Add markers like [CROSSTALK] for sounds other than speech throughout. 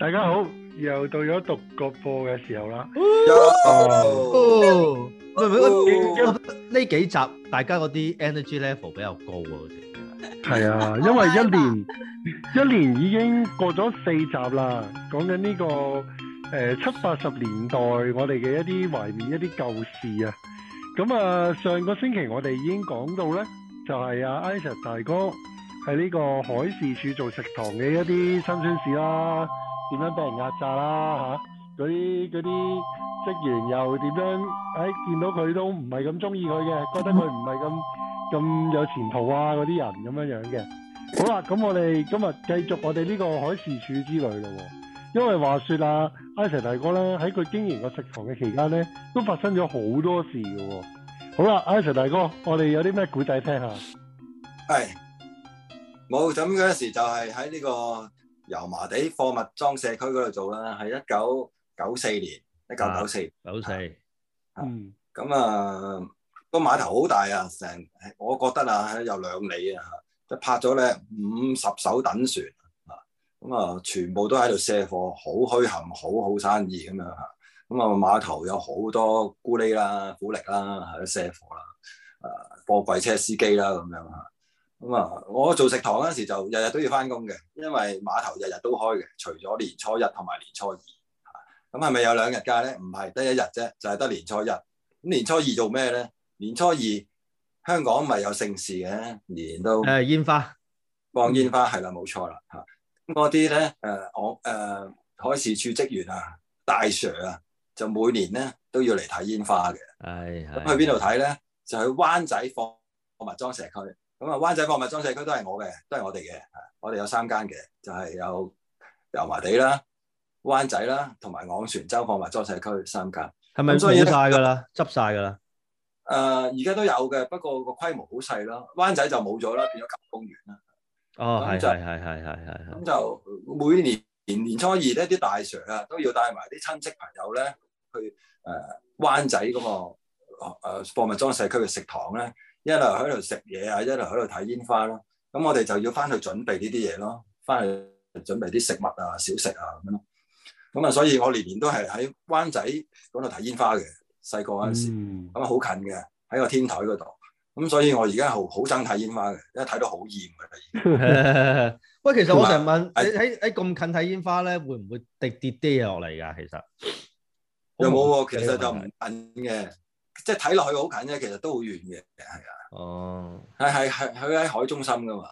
大家好，又到咗獨角播嘅時候啦！呢幾集大家嗰啲 energy level 比較高啊！係 [LAUGHS] 啊，因為一年 [LAUGHS] 一年已經過咗四集啦，講緊、這、呢個誒、呃、七八十年代我哋嘅一啲懷念一啲舊事啊！咁啊、呃，上個星期我哋已經講到呢，就係、是、啊 Isaac 大哥喺呢個海事處做食堂嘅一啲新鮮事啦。點樣俾人壓榨啦、啊、吓？嗰啲嗰啲職員又點樣？喺、哎、見到佢都唔係咁中意佢嘅，覺得佢唔係咁咁有前途啊！嗰啲人咁樣樣嘅。好啦，咁我哋今日繼續我哋呢個海事處之旅嘅、啊。因為話說啊，Issac 大哥咧喺佢經營個食堂嘅期間咧，都發生咗好多事嘅、啊。好啦，Issac 大哥，我哋有啲咩古仔聽下？係冇咁嗰陣時就係喺呢個。油麻地貨物裝卸區嗰度做啦，喺一九九四年，一九九四，九四 1994,、嗯，嗯，咁啊個碼頭好大啊，成我覺得啊有兩里啊，即泊咗咧五十艘等船啊，咁啊全部都喺度卸貨，好墟冚，好好生意咁樣嚇，咁啊碼頭有好多咕哩啦、苦力啦喺度卸貨啦，啊貨櫃車司機啦咁、啊、樣嚇。咁啊，我做食堂嗰時就日日都要翻工嘅，因為碼頭日日都開嘅，除咗年初一同埋年初二，吓咁係咪有兩日假咧？唔係，得一日啫，就係得年初一。咁年初二做咩咧？年初二香港唔係有盛事嘅，年年都誒放煙花放煙花係啦，冇錯啦吓。咁嗰啲咧誒我誒、呃、海事處職員啊大 Sir 啊，就每年咧都要嚟睇煙花嘅。係咁的去邊度睇咧？就去灣仔放放埋裝石區。咁啊，灣仔貨物裝卸區都係我嘅，都係我哋嘅。啊，我哋有三間嘅，就係、是、有油麻地啦、灣仔啦，同埋昂船洲貨物裝卸區三間。係咪冇晒㗎啦？執晒㗎啦？誒，而家、呃、都有嘅，不過個規模好細咯。灣仔就冇咗啦，變咗郊公園啦。哦，係係係係係。咁就每年是是是是是年初二呢啲大 Sir 啊都要帶埋啲親戚朋友咧去誒、呃、灣仔嗰個誒貨物裝卸區嘅食堂咧。一路喺度食嘢啊，一路喺度睇煙花咯。咁我哋就要翻去準備呢啲嘢咯，翻去準備啲食物啊、小食啊咁咯。咁啊，所以我年年都係喺灣仔嗰度睇煙花嘅。細個嗰陣時，咁啊好近嘅，喺個天台嗰度。咁所以我而家好好憎睇煙花嘅，因為睇到好厭啊。喂 [LAUGHS] 是，其實我成日問你喺喺咁近睇煙花咧，會唔會滴跌啲嘢落嚟㗎？其實有冇，其實就唔近嘅。 [LAUGHS] 即係睇落去好近啫，其實都好遠嘅，係啊。哦，係係係，佢喺海中心噶嘛，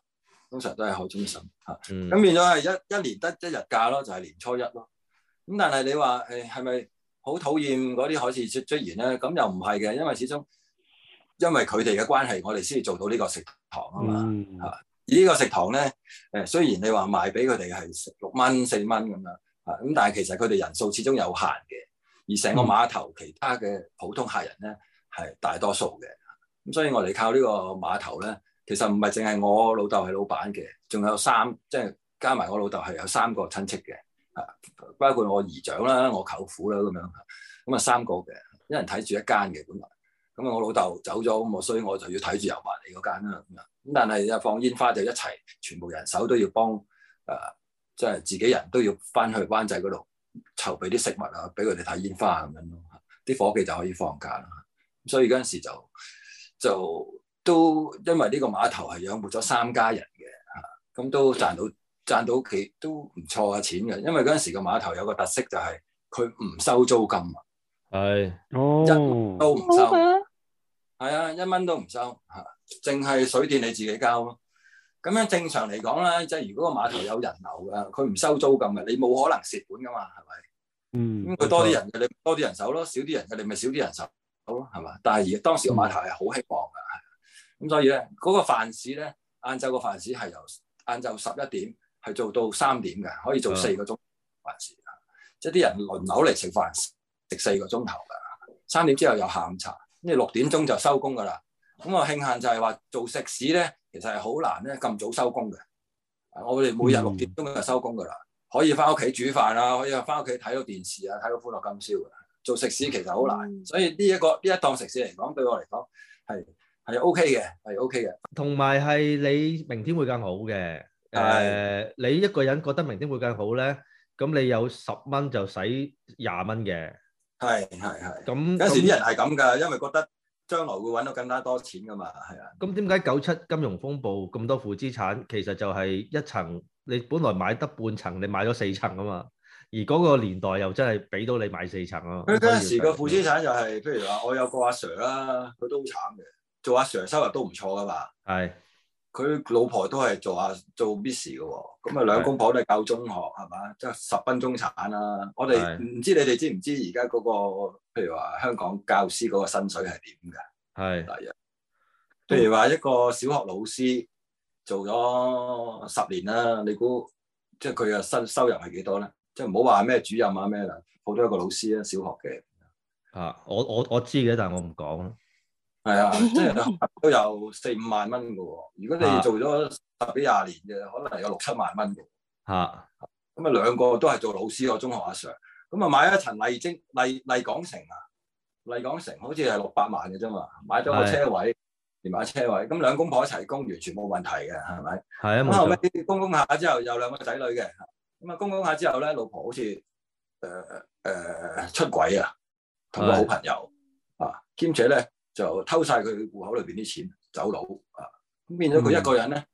通常都係海中心。嗯。咁變咗係一一年得一日假咯，就係年初一咯。咁但係你話誒係咪好討厭嗰啲海事出出現咧？咁又唔係嘅，因為始終因為佢哋嘅關係，我哋先做到呢個食堂啊嘛。嗯。吓，而呢個食堂咧，誒，雖然你話賣俾佢哋係六蚊四蚊咁樣，吓咁，但係其實佢哋人數始終有限嘅。而成個碼頭，其他嘅普通客人咧，係大多數嘅。咁所以，我哋靠個碼呢個碼頭咧，其實唔係淨係我老豆係老闆嘅，仲有三，即係加埋我老豆係有三個親戚嘅，啊，包括我姨丈啦、我舅父啦咁樣。咁啊，三個嘅，一人睇住一間嘅，本來。咁啊，我老豆走咗咁啊，所以我就要睇住遊民嗰間啦。咁但係啊，放煙花就一齊，全部人手都要幫，啊、呃，即係自己人都要翻去灣仔嗰度。籌備啲食物啊，俾佢哋睇煙花咁樣咯，啲伙計就可以放假啦。所以嗰陣時就就都因為呢個碼頭係養活咗三家人嘅，吓、啊、咁都賺到賺到屋企都唔錯嘅錢嘅。因為嗰陣時個碼頭有個特色就係佢唔收租金啊、哦、係啊，係一都唔收，係啊，一蚊都唔收，吓、啊，淨係水電你自己交咯。咁樣正常嚟講咧，即係如果個碼頭有人流嘅，佢唔收租咁嘅，你冇可能蝕本噶嘛，係咪、嗯嗯？嗯。咁佢多啲人嘅，你多啲人手咯；少啲人嘅，你咪少啲人手咯，係嘛？但係而當時個碼頭係好希薄嘅，咁、嗯、所以咧嗰、那個飯市咧，晏晝個飯市係由晏晝十一點係做到三點嘅，可以做四個鐘飯市嘅，即係啲人輪流嚟食飯，食四個鐘頭嘅。三點之後有下午茶，跟住六點鐘就收工㗎啦。咁我慶幸就係話做食肆咧。其實係好難咧，咁早收工嘅。我哋每日六點鐘就收工噶啦，可以翻屋企煮飯啊，可以翻屋企睇到電視啊，睇到歡樂今宵㗎喇。做食肆其實好難，所以呢、這個、一個呢一檔食肆嚟講，對我嚟講係係 OK 嘅，係 OK 嘅。同埋係你明天會更好嘅。誒是、呃，你一個人覺得明天會更好咧，咁你有十蚊就使廿蚊嘅。係係係。咁有陣時啲那人係咁噶，因為覺得。將來會揾到更加多錢噶嘛，係啊。咁點解九七金融風暴咁多負資產？其實就係一層，你本來買得半層，你買咗四層啊嘛。而嗰個年代又真係俾到你買四層啊嘛。佢嗰陣時個負資產就係、係， [LAUGHS] 譬如話我有個阿 Sir 啦、啊，佢都好慘嘅，做阿 Sir 收入都唔錯噶嘛。係。佢老婆都係做啊做 miss 嘅喎，咁啊兩公婆都係教中學係嘛的，即係十分中產啦、啊。我哋唔知你哋知唔知而家嗰個譬如話香港教師嗰個薪水係點嘅？係的。譬如話一個小學老師、嗯、做咗十年啦，你估即係佢嘅薪收入係幾多咧？即係唔好話咩主任啊咩啦，好多一個老師啊小學嘅嚇、啊，我我我知嘅，但係我唔講。係啊， [LAUGHS] [LAUGHS] 即係都有四五萬蚊噶、哦。如果你做咗十幾廿年嘅，可能有六七萬蚊嘅。吓 [LAUGHS] 、嗯，咁啊兩個都係做老師，個中學阿、啊、Sir、嗯。咁啊買一層麗晶麗麗港城啊，麗港城好似係六百萬嘅啫嘛，買咗個車位，的連埋車位。咁兩公婆一齊供，完全冇問題嘅，係咪？係啊，冇錯。咁後屘供供下之後，有兩個仔女嘅。咁啊供供下之後咧，老婆好似誒誒出軌啊，同個好朋友的啊，兼且咧。就偷晒佢戶口裏邊啲錢走佬啊！咁變咗佢一個人咧，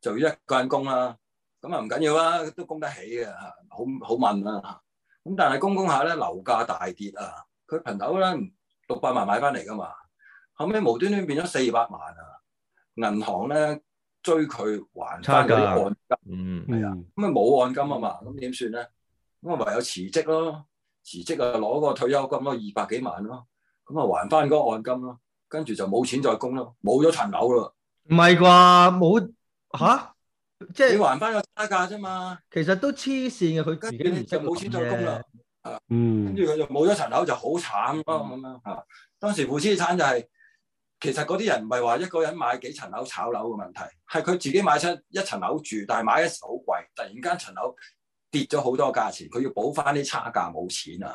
就要一個人供啦。咁啊唔緊要啦，都供得起嘅，好好問啦。咁但係供供下咧，樓價大跌啊！佢朋友咧六百萬買翻嚟㗎嘛，後尾無端端變咗四百萬啊！銀行咧追佢還翻啲按金，嗯係啊，咁啊冇按金啊嘛，咁點算咧？咁啊唯有辭職咯，辭職啊攞個退休金咯，二百幾萬咯，咁啊還翻嗰個按金咯。跟住就冇錢再供咯，冇咗層樓咯。唔係啩？冇吓，即係你還翻個差價啫嘛。其實都黐線嘅，佢跟住就冇錢再供啦。嗯，跟住佢就冇咗層樓，就好慘咯。吓，當時負資產就係，其實嗰啲人唔係話一個人買幾層樓炒樓嘅問題，係佢自己買出一層樓住，但係買一時好貴，突然間層樓跌咗好多價錢，佢要補翻啲差價冇錢啊。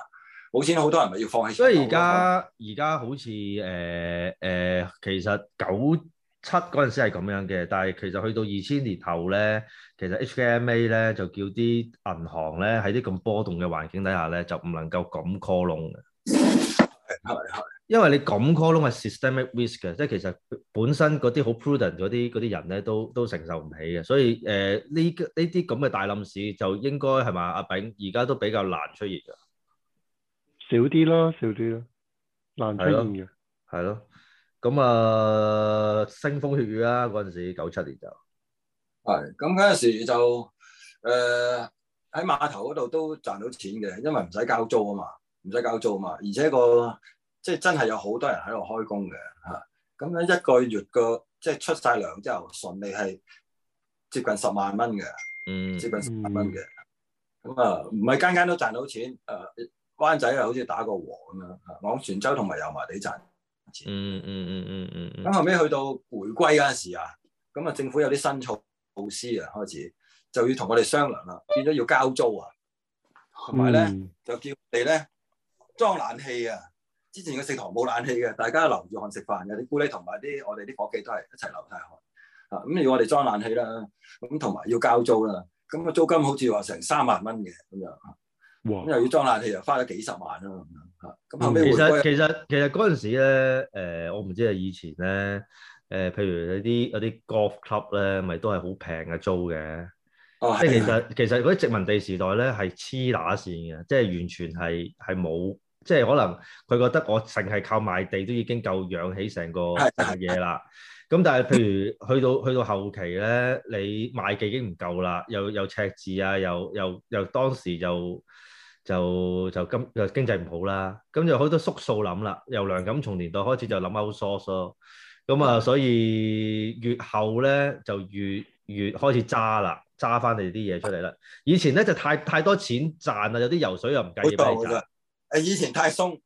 冇錢，好多人咪要放棄。所以而家而家好似誒誒，其實九七嗰陣時係咁樣嘅，但係其實去到二千年後咧，其實 HKMA 咧就叫啲銀行咧喺啲咁波動嘅環境底下咧，就唔能夠咁 call 窿嘅。 [LAUGHS] 因為你咁 call 窿係 systemic risk 嘅，即係其實本身嗰啲好 prudent 嗰啲嗰啲人咧都都承受唔起嘅，所以誒呢呢啲咁嘅大冧市就應該係嘛？阿炳而家都比較難出現㗎。少啲咯，少啲咯，難出現嘅。係咯，咁啊，腥風血雨啦嗰陣時，九七年就係，咁嗰陣時就誒喺碼頭嗰度都賺到錢嘅，因為唔使交租啊嘛，唔使交租嘛，而且個即係、就是、真係有好多人喺度開工嘅吓，咁、啊、樣一個月個即係、就是、出晒糧之後，純利係接近十萬蚊嘅，嗯、接近十萬蚊嘅，咁啊唔係間間都賺到錢誒。啊灣仔啊，好似打過和咁樣，往泉州同埋油麻地賺錢。嗯嗯嗯嗯嗯，咁後尾去到回歸嗰陣時啊，咁啊政府有啲新措措施啊，開始就要同我哋商量啦，變咗要交租啊，同埋咧就叫我哋咧裝冷氣啊。之前嘅食堂冇冷氣嘅，大家流住汗食飯有啲姑娘同埋啲我哋啲伙計都係一齊流大汗啊。咁、嗯、要我哋裝冷氣啦，咁同埋要交租啦。咁個租金好似話成三萬蚊嘅咁樣。又要裝冷氣啊？花咗幾十萬啊！吓，咁後尾其實其實其實嗰陣時咧，誒，我唔知啊。以前咧，誒，譬如有啲嗰啲 golf club 咧，咪都係好平嘅租嘅。哦，即係其實其實嗰啲殖民地時代咧係黐打線嘅，即係完全係係冇，即係可能佢覺得我淨係靠賣地都已經夠養起成個嘢啦。咁但係譬如去到去到後期咧，你賣地已經唔夠啦，又又赤字啊，又又又當時就。就就今就經濟唔好啦，咁就好多縮數諗啦。由梁咁從年代開始就諗埋好疏疏，咁啊，所以越後咧就越越開始揸啦，揸翻你啲嘢出嚟啦。以前咧就太太多錢賺啦，有啲油水又唔介意你。好啦，誒以前太鬆，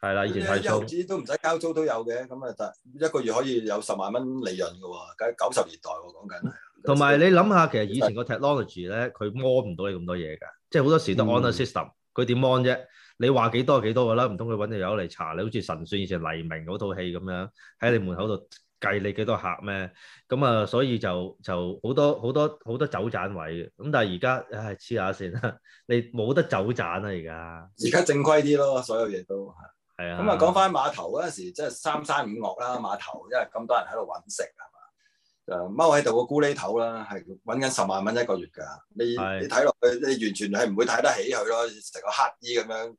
係啦，以前太鬆，租都唔使交租都有嘅，咁啊，就一個月可以有十萬蚊利潤嘅喎，九十年代我講緊。同埋有以你諗下，其實以前個 technology 咧的，佢摸唔到你咁多嘢㗎。嗯、即係好多時都 on the system，佢點 on 啫？你話幾多幾多㗎啦？唔通佢揾你友嚟查？你好似神算以前黎明嗰套戲咁樣喺你門口度計你幾多客咩？咁啊，所以就就好多好多好多走盞位嘅。咁但係而家唉黐下線啦，你冇得走盞啊。而家。而家正規啲咯，所有嘢都係啊。咁啊，講翻碼頭嗰陣時，即係三山五岳啦，碼頭因為咁多人喺度揾食啊。是就踎喺度個咕喱頭啦，係搵緊十萬蚊一個月噶。你你睇落去，你完全係唔會睇得起佢咯，成個乞衣咁樣，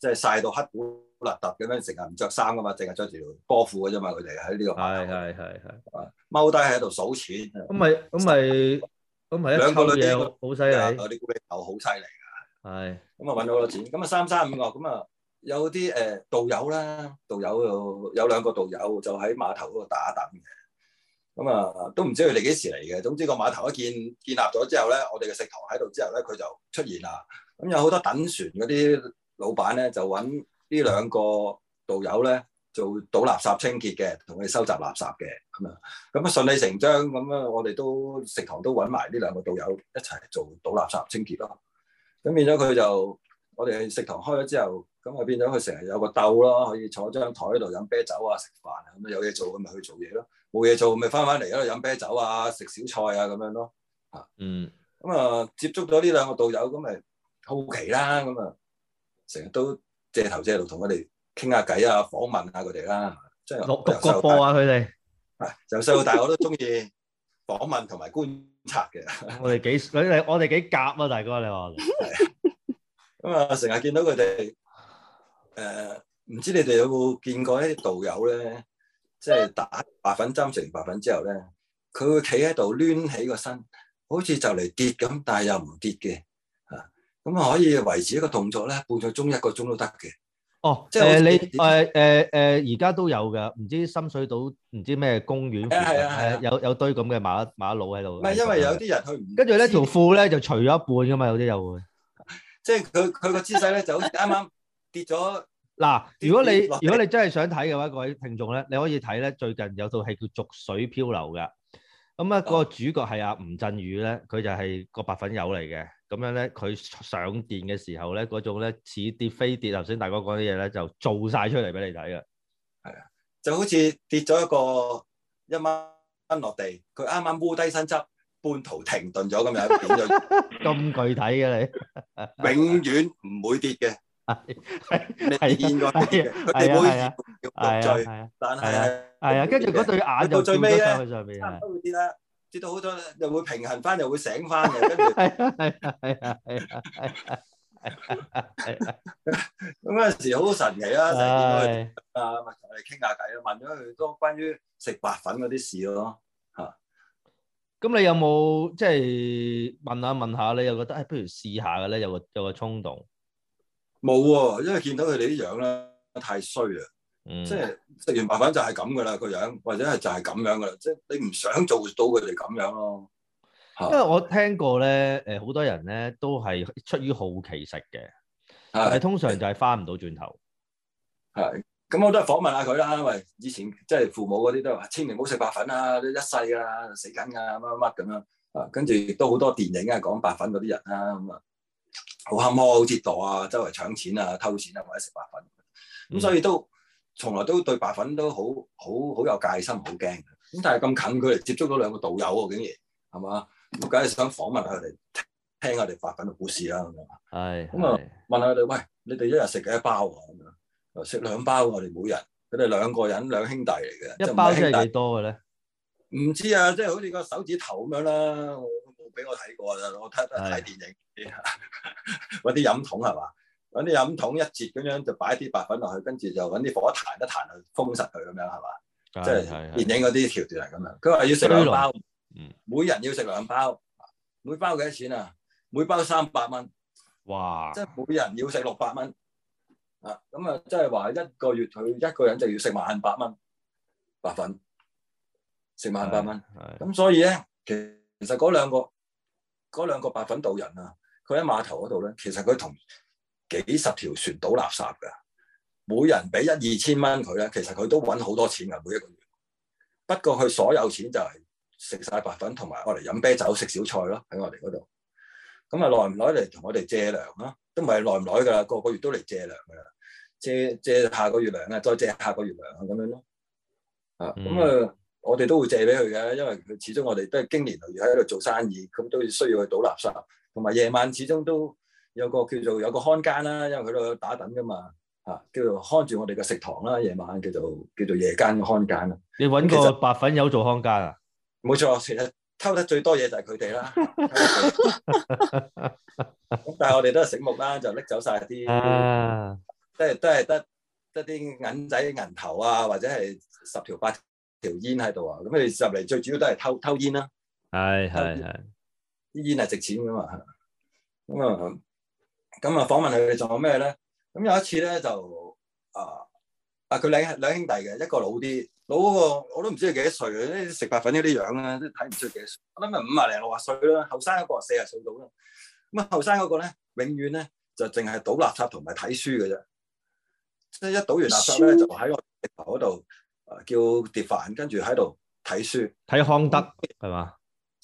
即係曬到黑古咕嚦突咁樣，成日唔着衫噶嘛，淨係着住條波褲嘅啫嘛。佢哋喺呢個碼頭，係係係，踎低喺度數錢。咁咪咁咪咁咪，兩個女仔好犀利，有啲咕喱頭好犀利噶。係咁啊，搵到好多錢。咁啊，三三五五咁啊，有啲誒，導遊啦，導遊有兩個導遊就喺碼頭嗰度打等嘅。咁啊、嗯，都唔知佢哋幾時嚟嘅。總之個碼頭一建建立咗之後咧，我哋嘅食堂喺度之後咧，佢就出現啦。咁、嗯、有好多等船嗰啲老闆咧，就揾呢兩個導友咧做倒垃圾清潔嘅，同佢收集垃圾嘅咁樣。咁、嗯、啊、嗯、順理成章咁啊、嗯，我哋都食堂都揾埋呢兩個導友一齊做倒垃圾清潔咯。咁、嗯、變咗佢就。我哋食堂開咗之後，咁啊變咗佢成日有個竇咯，可以坐張台喺度飲啤酒啊、食飯啊，咁啊有嘢做咁咪去做嘢咯，冇嘢做咪翻返嚟喺度飲啤酒啊、食小菜啊咁樣咯。啊，嗯，咁啊接觸咗呢兩個導遊，咁咪好奇啦、啊，咁啊成日都借頭借路同佢哋傾下偈啊、訪問下佢哋啦，即係六直播啊佢哋。啊讀，由細到大我都中意訪問同埋觀察嘅。 [LAUGHS] 我哋幾我哋幾夾啊大哥你話？ [LAUGHS] [LAUGHS] 咁啊，成日見到佢哋，誒，唔知你哋有冇見過啲道友咧，即係打白粉針，食完白粉之後咧，佢會企喺度攣起個身，好似就嚟跌咁，但係又唔跌嘅，嚇，咁啊可以維持一個動作咧，半個鐘一個鐘都得嘅。哦，即係你誒誒誒，而家都有噶，唔知深水埗唔知咩公園有有堆咁嘅馬馬路喺度。唔係因為有啲人去唔跟住呢條褲咧就除咗一半噶嘛，有啲又會。即係佢佢個姿勢咧就好似啱啱跌咗嗱， [LAUGHS] 如果你如果你真係想睇嘅話，各位聽眾咧，你可以睇咧最近有套戲叫《濁水漂流》噶，咁、嗯、啊、嗰個主角係阿吳鎮宇咧，佢就係個白粉友嚟嘅，咁樣咧佢上電嘅時候咧嗰種咧似跌非跌，頭先大哥講啲嘢咧就做晒出嚟俾你睇嘅，係啊，就好似跌咗一個一蚊蚊落地，佢啱啱烏低身側。半途停頓咗咁樣，咁具體嘅你，永遠唔會跌嘅，係係應該，佢哋會係啊，係啊，但係係啊，跟住嗰對眼到最尾咧，差唔多會跌啦，跌到好多又會平衡翻，又會醒翻嚟，係係係係係係係係，咁嗰陣時好神奇啦，啊，咪同你傾下偈咯，問咗佢多關於食白粉嗰啲事咯，嚇。咁你有冇即係問下、啊、問下、啊、你又覺得誒，不如試下嘅咧？有個有個衝動，冇喎、啊，因為見到佢哋啲樣咧，太衰啦！嗯、即係食完白粉就係咁噶啦，個樣或者係就係咁樣噶啦，即、就、係、是、你唔想做到佢哋咁樣咯。因為我聽過咧，誒，好多人咧都係出於好奇食嘅，的但係通常就係翻唔到轉頭。係。咁我都係訪問下佢啦，因為以前即係父母嗰啲都話：千祈唔好食白粉啊，一世啊，死緊啊，乜乜乜咁樣。啊，跟住亦都好多電影咧、啊、講白粉嗰啲人啦，咁啊，好慘喎，好折墮啊，周圍搶錢啊、偷錢啊，或者食白粉。咁所以都從來都對白粉都好好好有戒心，好驚。咁但係咁近佢哋接觸到兩個道友喎、啊，竟然係嘛？我梗係想訪問下佢哋，聽下佢哋白粉嘅故事啦。咁係。咁啊，嗯、問下佢哋：喂，你哋一日食幾多包啊？食兩包，我哋每人，佢哋兩個人兩兄弟嚟嘅，一包即係幾多嘅咧？唔知啊，即係好似個手指頭咁樣啦。我冇俾我睇過咋，我睇睇電影，搵啲飲桶係嘛，搵啲飲桶一截咁樣就擺啲白粉落去，跟住就搵啲火彈一彈就封實佢咁樣係嘛，即係是的 電影嗰啲橋段係咁樣。佢話要食兩包，的每人要食兩包，每包幾錢啊？每包三百蚊，哇，即係每人要食六百蚊。啊，咁啊、嗯，即係話一個月佢一個人就要食萬八蚊白粉，食萬八蚊。咁的所以咧的、啊，其實嗰兩個嗰兩個白粉道人啊，佢喺碼頭嗰度咧，其實佢同幾十條船倒垃圾噶，每人俾一二千蚊佢咧，其實佢都搵好多錢噶，每一個月。不過佢所有錢就係食晒白粉，同埋我嚟飲啤酒、食小菜咯，喺我哋嗰度。咁啊，耐唔耐嚟同我哋借糧啊？都唔係耐唔耐噶啦，個個月都嚟借糧噶啦，借借下個月糧啊，再借下個月糧啊，咁樣咯。啊，咁啊，嗯、我哋都會借俾佢嘅，因為佢始終我哋都係經年累月喺度做生意，咁都要需要去倒垃圾，同埋夜晚始終都有個叫做有個看更啦，因為佢喺度打躉噶嘛，吓、啊、叫做看住我哋嘅食堂啦，夜晚叫做叫做夜間嘅看更啦。你揾個白粉友做看更啊？冇錯，其實偷得最多嘢就係佢哋啦。 [LAUGHS] [LAUGHS] 咁 [LAUGHS] [LAUGHS] 但係我哋都係醒目啦，就拎走晒啲，即係、啊、都係得得啲銀仔銀頭啊，或者係十條八條煙喺度啊。咁佢哋入嚟最主要都係偷偷煙啦、啊。係係係，啲煙係值錢噶嘛。咁、嗯、啊，咁、嗯、啊，訪、嗯嗯、問佢哋仲有咩咧？咁有一次咧就啊，啊佢兩兩兄弟嘅，一個老啲，老嗰、嗰個我都唔知佢幾多歲，啲食白粉嗰啲樣啊，都睇唔出幾多歲。我諗咪五啊零六啊歲啦，後生一個四啊歲到啦。咁啊，後生嗰個咧，永遠咧就淨係倒垃圾同埋睇書嘅啫。即係一倒完垃圾咧，書就喺我地頭嗰度叫碟飯，跟住喺度睇書，睇康德係嘛？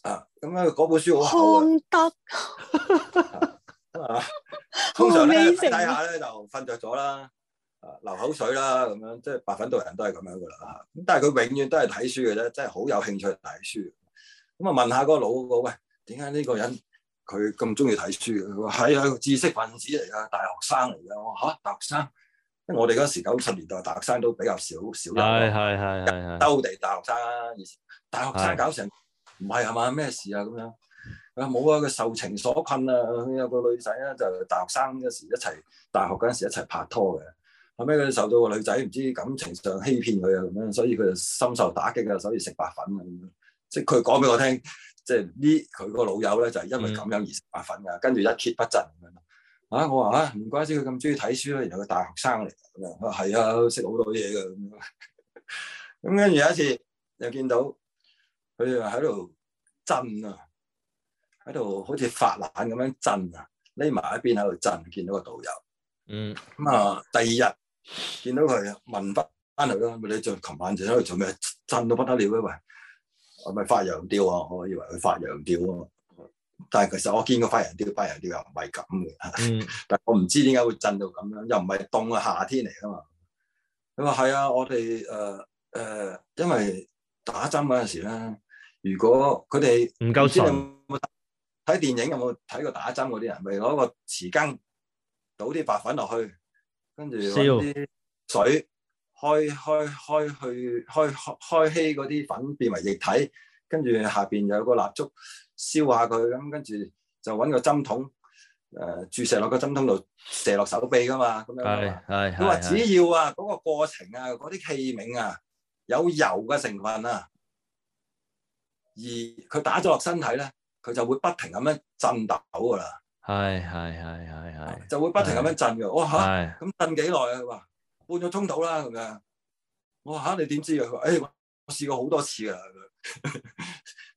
啊，咁、嗯、啊，嗰本書好好啊。康德 [LAUGHS] [LAUGHS] 啊，通常咧，低下咧就瞓着咗啦，啊、呃，流口水啦，咁樣即係白粉到人都係咁樣噶啦。咁、啊、但係佢永遠都係睇書嘅啫，真係好有興趣睇書。咁啊，問下嗰個老嗰個喂，點解呢個人？佢咁中意睇書嘅，係啊、哎，知識分子嚟㗎，大學生嚟㗎，我話嚇大學生，因為我哋嗰時九十年代大學生都比較少少人，係係係係兜地大學生啊，是是是大學生搞成唔係係嘛咩事啊咁樣，佢話冇啊，佢受情所困啊，有個女仔咧就大學生嗰時一齊大學嗰時一齊拍拖嘅，後尾佢受到個女仔唔知感情上欺騙佢啊咁樣，所以佢就深受打擊啊，所以食白粉啊咁樣，即係佢講俾我聽。即係呢，佢個老友咧就係、是、因為咁樣而食白粉㗎，嗯、跟住一蹶不振咁樣。啊，我話嚇，唔、啊、怪之佢咁中意睇書啦。然後佢大學生嚟，咁樣我話係啊，識好、啊、多嘢㗎咁樣。咁跟住有一次又見到佢又喺度震啊，喺度好似發冷咁樣震啊，匿埋一邊喺度震。見到個導遊，嗯，咁啊、嗯、第二日見到佢問翻翻嚟啦，你做琴晚就喺度做咩？震到不得了啊！喂。我咪發羊吊啊，我以為佢發羊吊啊，但係其實我見過發羊吊，發羊吊又唔係咁嘅。嗯、 [LAUGHS] 但係我唔知點解會震到咁樣，又唔係凍嘅，夏天嚟噶嘛？佢話係啊，我哋誒誒，因為打針嗰陣時咧，如果佢哋唔夠神，睇電影有冇睇過打針嗰啲人？咪攞個匙羹倒啲白粉落去，跟住燒啲水。開開開去開開開稀嗰啲粉變為液體，跟住下邊有個蠟燭燒下佢，咁跟住就揾個針筒，誒、呃，注射落個針筒度，射落手臂噶嘛，咁樣。係係。佢話只要啊嗰個過程啊，嗰啲器皿啊有油嘅成分啊，而佢打咗落身體咧，佢就會不停咁樣震抖噶啦。係係係係係。就會不停咁、哦啊啊、樣震嘅。哇吓，咁震幾耐啊？佢話。半個鐘到啦咁樣！我嚇你點知啊？佢話，誒、哎，我試過好多次㗎！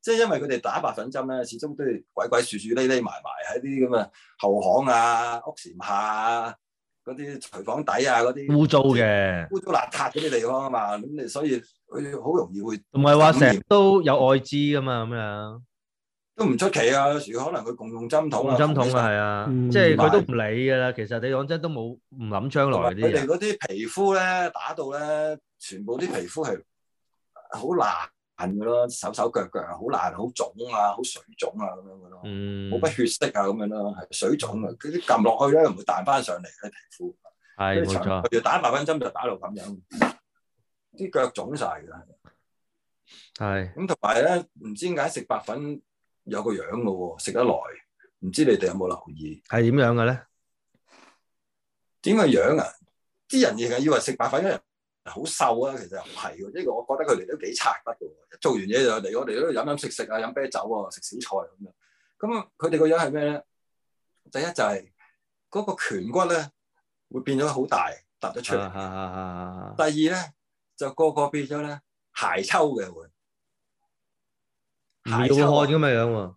即係 [LAUGHS] 因為佢哋打白粉針咧，始終都係鬼鬼祟祟、匿匿埋埋喺啲咁嘅後巷啊、屋檐下啊、嗰啲廚房底啊嗰啲污糟嘅、污糟邋遢嗰啲地方啊嘛。咁你所以佢好容易會唔係話成日都有愛滋噶嘛咁樣。都唔出奇啊！有時可能佢共用針筒啊，共針筒啊，係啊，即係佢都唔理㗎啦。其實你講真都冇唔諗將來啲人。佢哋嗰啲皮膚咧，打到咧，全部啲皮膚係好爛痕㗎咯，手手腳腳啊，好爛，好腫啊，好水腫啊咁樣㗎咯，冇乜血色啊咁樣咯，係水腫啊，嗰啲撳落去咧，唔會彈翻上嚟嘅皮膚。係冇錯，要打白粉針就打到咁樣，啲腳腫晒㗎。係咁同埋咧，唔知點解食白粉，有個樣嘅喎，食得耐，唔知你哋有冇留意？係點樣嘅咧？點個樣啊？啲人成日以為食白飯因為好瘦啊，其實唔係嘅。呢個我覺得佢哋都幾賊得嘅。一做完嘢就嚟我哋嗰度飲飲食食啊，飲啤酒啊，食小菜咁樣。咁佢哋個樣係咩咧？第一就係嗰個顴骨咧會變咗好大凸得出嚟。啊啊啊啊、第二咧就個個變咗咧鞋抽嘅會。睇到開咁嘅樣喎，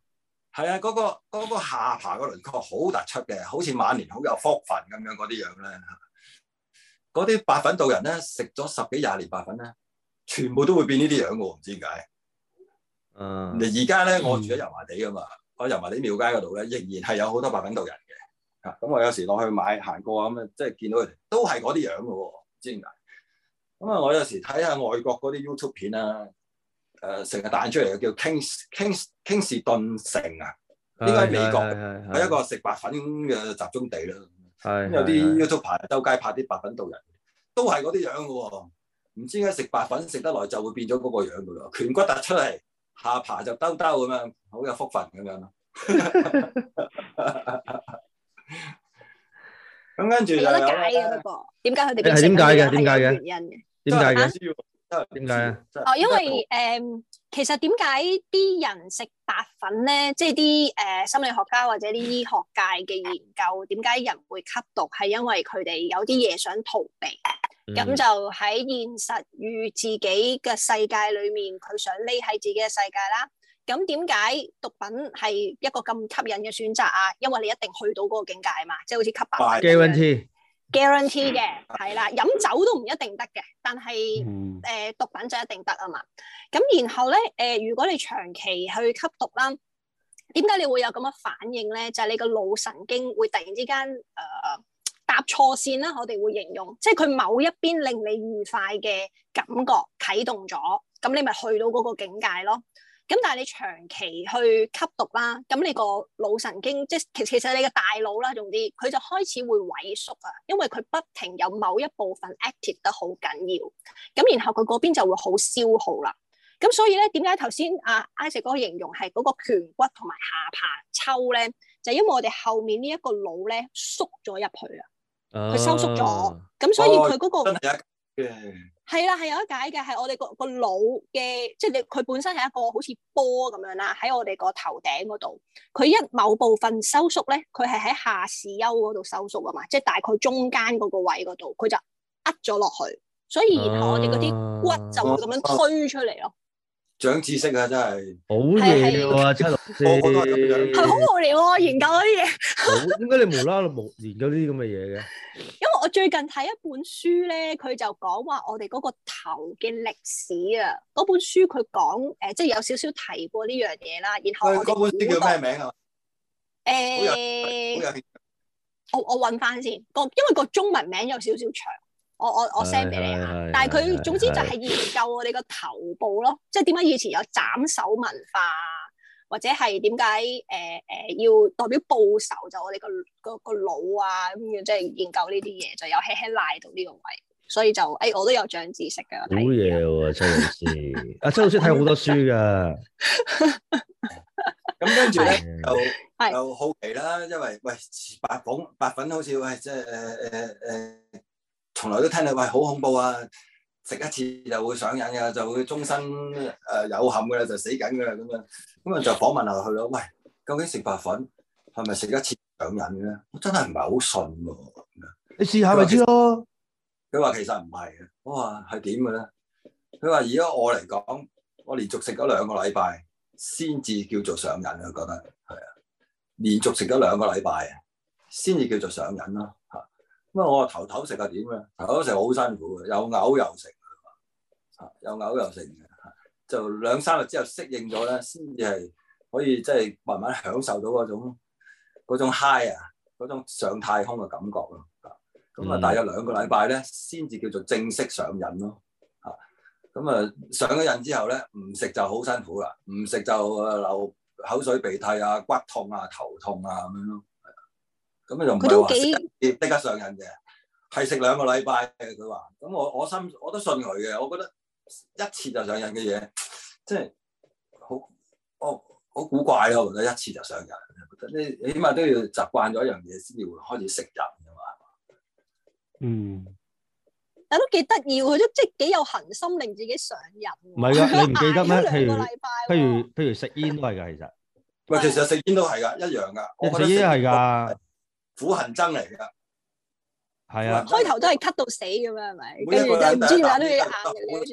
係啊，嗰、嗰個嗰個下巴個輪廓好突出嘅，好似晚年好有福分咁樣嗰啲樣咧嚇。嗰啲白粉道人咧食咗十幾廿年白粉咧，全部都會變、啊、呢啲樣嘅喎，唔知點解。嗯。而家咧，我住喺油麻地啊嘛，嗯、我油麻地廟街嗰度咧，仍然係有好多白粉道人嘅嚇。咁我有時落去買行過咁啊，即係見到佢哋都係嗰啲樣嘅喎，唔知點解。咁啊，我有時睇下外國嗰啲 YouTube 片啊。誒，成日彈出嚟嘅叫 Kingston Kingston 城啊，應該喺美國，係一個食白粉嘅集中地啦。係有啲 YouTuber 拍周街拍啲白粉道人，都係嗰啲樣嘅喎。唔知點解食白粉食得耐就會變咗嗰個樣嘅喎，顴骨突出嚟，下爬就兜兜咁樣，好有福分咁樣。咁跟住解就有點解佢哋係點解嘅？點解嘅？點解嘅？點解？哦、喔，因為誒、呃，其實點解啲人食白粉咧，即係啲誒心理學家或者啲醫學界嘅研究，點解人會吸毒，係因為佢哋有啲嘢想逃避，咁就喺現實與自己嘅世界裏面，佢想匿喺自己嘅世界啦。咁點解毒品係一個咁吸引嘅選擇啊？因為你一定去到嗰個境界嘛，即係好似吸白粉嘅問題 Guarantee 嘅，係啦，飲酒都唔一定得嘅，但係誒、嗯呃、毒品就一定得啊嘛。咁然後咧，誒、呃、如果你長期去吸毒啦，點解你會有咁嘅反應咧？就係、是、你個腦神經會突然之間誒搭、呃、錯線啦。我哋會形容，即係佢某一邊令你愉快嘅感覺啟動咗，咁你咪去到嗰個境界咯。咁但係你長期去吸毒啦，咁你個腦神經即係其其實你個大腦啦，總之佢就開始會萎縮啊，因為佢不停有某一部分 active 得好緊要，咁然後佢嗰邊就會好消耗啦。咁所以咧，點解頭先阿 Issac 哥形容係嗰個顴骨同埋下巴抽咧，就係、因為我哋後面呢一個腦咧縮咗入去啊，佢收縮咗，咁、啊、所以佢嗰、哦嗰個。係啦，係有一解嘅，係我哋個個腦嘅，即係你佢本身係一個好似波咁樣啦，喺我哋個頭頂嗰度，佢一某部分收縮咧，佢係喺下視丘嗰度收縮啊嘛，即係大概中間嗰個位嗰度，佢就凹咗落去，所以然後我哋嗰啲骨就會咁樣推出嚟咯。嗯嗯。長知識啊，真係好嘢啊，七咁四係好、 [NOISE] 啊、無聊啊，研究嗰啲嘢。點 [LAUGHS] 解你無啦啦冇研究呢啲咁嘅嘢嘅？因為我最近睇一本書咧，佢就講話我哋嗰個頭嘅歷史啊。嗰本書佢講誒、即、呃、係、就是、有少少提過呢樣嘢啦。然後嗰本書叫咩名啊？誒、欸，我我搵翻先，個因為個中文名，名有少少長。我我我 send 俾你啊！但係佢總之就係研究我哋個頭部咯， [LAUGHS] 即係點解以前有斬首文化，或者係點解誒誒要代表報仇我就我哋個個個腦啊咁樣，即係研究呢啲嘢，就有輕輕賴到呢個位，所以就誒、哎、我都有長知識㗎。好嘢喎，周老師！阿周老師睇好多書㗎。咁 [LAUGHS] [LAUGHS] [LAUGHS] 跟住咧是就，就好奇啦，因為喂白粉白粉好似喂即係誒誒誒。呃呃呃從來都聽到話好恐怖啊！食一次就會上癮噶、啊，就會終身誒、呃、有憾噶啦，就死緊噶啦咁樣。咁啊就訪問下佢咯。喂，究竟食白粉係咪食一次上癮嘅咧？我真係唔係好信喎、啊。你試下咪知咯。佢話其實唔係嘅。我話係點嘅咧？佢話而家我嚟講，我連續食咗兩個禮拜，先至叫做上癮、啊。佢覺得係啊，連續食咗兩個禮拜，先至叫做上癮啦、啊。吓。因啊，我啊頭食啊點咧？唞咗食好辛苦嘅，又嘔又食，吓又嘔又食嘅，就兩三日之後適應咗咧，先至係可以即係慢慢享受到嗰種嗰種嗨 i 啊，嗰種上太空嘅感覺咯，吓咁啊，大係有兩個禮拜咧，先至叫做正式上癮咯，吓咁啊，上咗癮之後咧，唔食就好辛苦啦，唔食就流口水、鼻涕啊、骨痛啊、頭痛啊咁樣咯。咁啊，又唔係即刻上癮嘅，係食兩個禮拜嘅。佢話，咁我我心我都信佢嘅，我覺得一次就上癮嘅嘢，即係好，哦好古怪咯。覺得一次就上癮，覺得你起碼都要習慣咗一樣嘢，先至會開始食噶嘛。嗯，但都幾得意，佢都即係幾有恒心，令自己上癮。唔係噶，你唔記得咩？譬如，譬如，譬如，譬如，譬如食煙都係噶，其實喂，的其實食煙都係噶，一樣噶，得食煙係噶。苦行僧嚟噶，係啊，開頭都係咳到死咁樣，係咪？跟住就唔知點解都要喊，